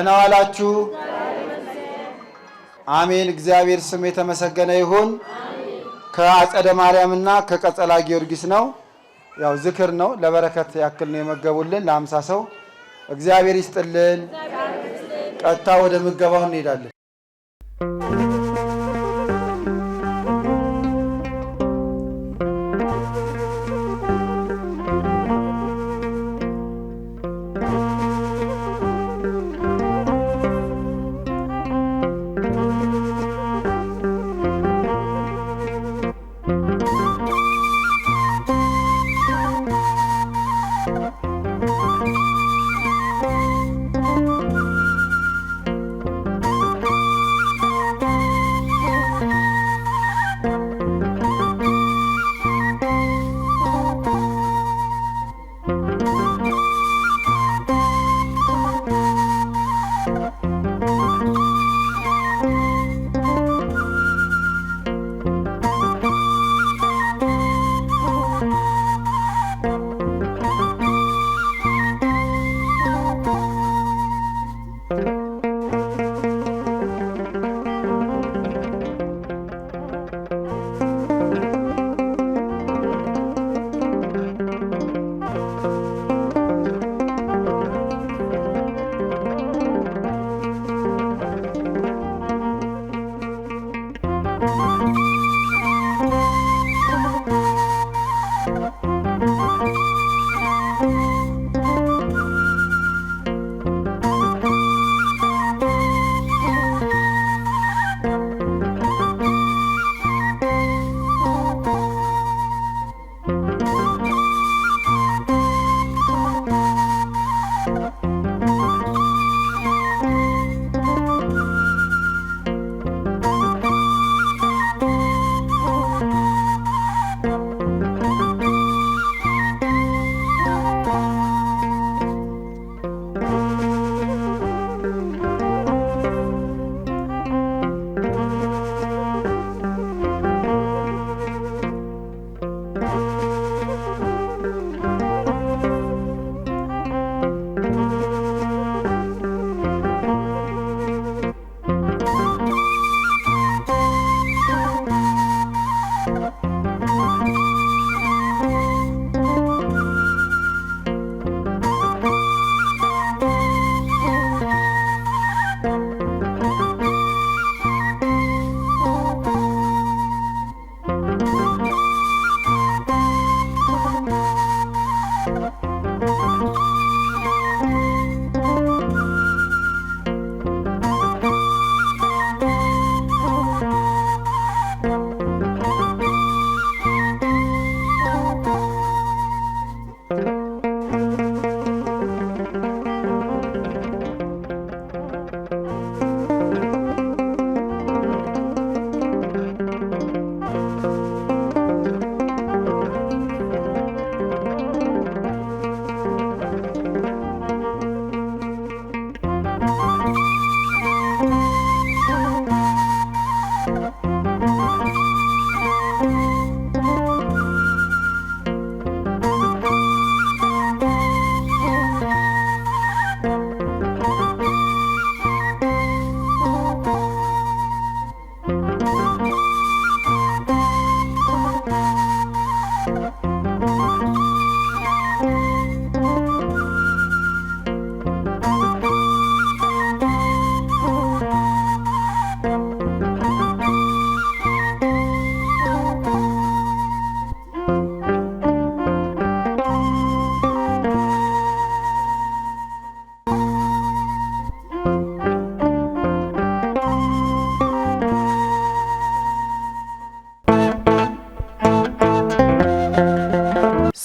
ደህና ዋላችሁ። አሜን። እግዚአብሔር ስም የተመሰገነ ይሁን። ከአጸደ ማርያምና ከቀጸላ ጊዮርጊስ ነው። ያው ዝክር ነው፣ ለበረከት ያክል ነው የመገቡልን ለአምሳ ሰው። እግዚአብሔር ይስጥልን። ቀጥታ ወደ ምገባው እንሄዳለን።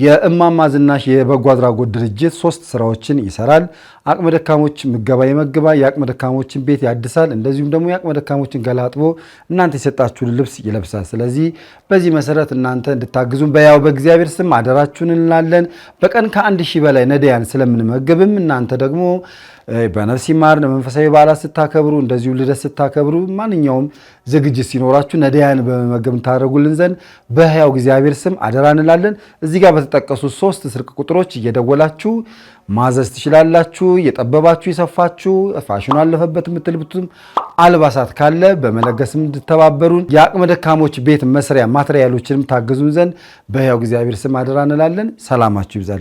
የእማማ ዝናሽ የበጎ አድራጎት ድርጅት ሶስት ስራዎችን ይሰራል። አቅመ ደካሞች ምገባ ይመግባል። የአቅመ ደካሞችን ቤት ያድሳል። እንደዚሁም ደግሞ የአቅመ ደካሞችን ገላጥቦ እናንተ የሰጣችሁን ልብስ ይለብሳል። ስለዚህ በዚህ መሰረት እናንተ እንድታግዙን በያው በእግዚአብሔር ስም አደራችሁን እንላለን። በቀን ከአንድ ሺህ በላይ ነዳያን ስለምንመግብም እናንተ ደግሞ በነፍስ ይማር መንፈሳዊ በዓላት ስታከብሩ፣ እንደዚሁ ልደት ስታከብሩ፣ ማንኛውም ዝግጅት ሲኖራችሁ ነዳያን በመመገብ ታደረጉልን ዘንድ በህያው እግዚአብሔር ስም አደራ እንላለን እዚህ ጋር በተጠቀሱት ሶስት ስልክ ቁጥሮች እየደወላችሁ ማዘዝ ትችላላችሁ። እየጠበባችሁ የሰፋችሁ ፋሽኑ አለፈበት የምትልብቱም አልባሳት ካለ በመለገስ እንድተባበሩን የአቅመ ደካሞች ቤት መስሪያ ማትሪያሎችንም ታግዙን ዘንድ በሕያው እግዚአብሔር ስም አደራ እንላለን። ሰላማችሁ ይብዛል።